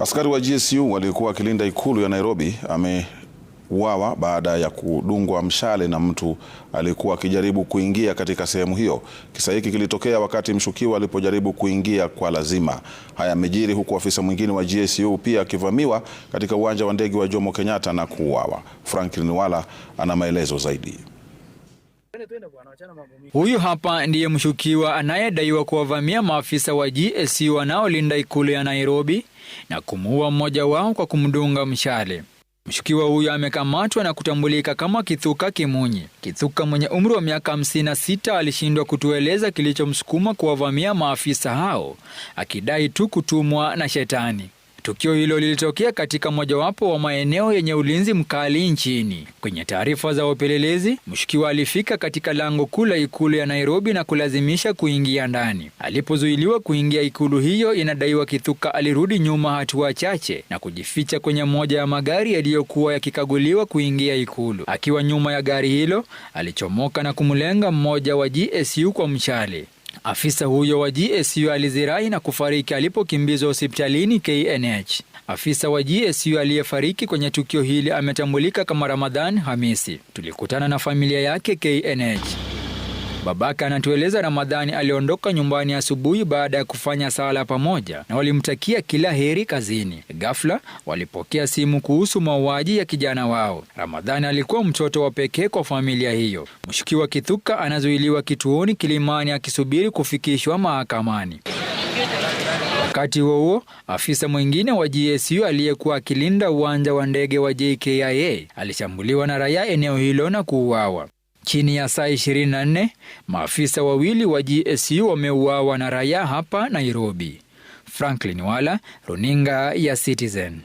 Askari wa GSU waliokuwa wakilinda ikulu ya Nairobi ameuawa baada ya kudungwa mshale na mtu aliyekuwa akijaribu kuingia katika sehemu hiyo. Kisa hiki kilitokea wakati mshukiwa alipojaribu kuingia kwa lazima. Haya yamejiri huku afisa mwingine wa GSU pia akivamiwa katika uwanja wa ndege wa Jomo Kenyatta na kuuawa. Franklin Wala ana maelezo zaidi. Huyu hapa ndiye mshukiwa anayedaiwa kuwavamia maafisa wa GSU wanaolinda ikulu ya Nairobi na kumuua mmoja wao kwa kumdunga mshale. Mshukiwa huyo amekamatwa na kutambulika kama Kithuka Kimunyi. Kithuka mwenye umri wa miaka 56 alishindwa kutueleza kilichomsukuma kuwavamia maafisa hao, akidai tu kutumwa na shetani. Tukio hilo lilitokea katika mojawapo wa maeneo yenye ulinzi mkali nchini. Kwenye taarifa za upelelezi, mshukiwa alifika katika lango kuu la ikulu ya Nairobi na kulazimisha kuingia ndani. Alipozuiliwa kuingia ikulu hiyo, inadaiwa Kithuka alirudi nyuma hatua chache na kujificha kwenye moja ya magari yaliyokuwa yakikaguliwa kuingia ikulu. Akiwa nyuma ya gari hilo, alichomoka na kumlenga mmoja wa GSU kwa mshale. Afisa huyo wa GSU alizirai na kufariki alipokimbizwa hospitalini KNH. Afisa wa GSU aliyefariki kwenye tukio hili ametambulika kama Ramadhan Hamisi. Tulikutana na familia yake KNH. Babake anatueleza Ramadhani aliondoka nyumbani asubuhi baada ya kufanya sala pamoja na walimtakia kila heri kazini. Ghafla walipokea simu kuhusu mauaji ya kijana wao. Ramadhani alikuwa mtoto wa pekee kwa familia hiyo. Mshukiwa Kithuka anazuiliwa kituoni Kilimani akisubiri kufikishwa mahakamani. Wakati huo huo, afisa mwingine wa GSU aliyekuwa akilinda uwanja wa ndege wa JKIA alishambuliwa na raia eneo hilo na kuuawa. Chini ya saa 24 maafisa wawili wa GSU wameuawa na raia hapa Nairobi. Franklin Wala, runinga ya Citizen.